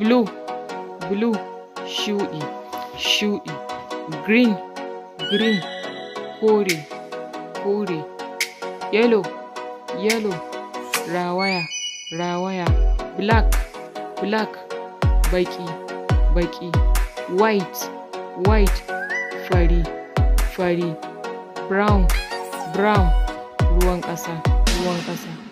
blue blue shuɗi shuɗi green green kore kore yellow yellow rawaya rawaya black black baƙi baƙi white white fari fari brown brown ruwan ƙasa ruwan ƙasa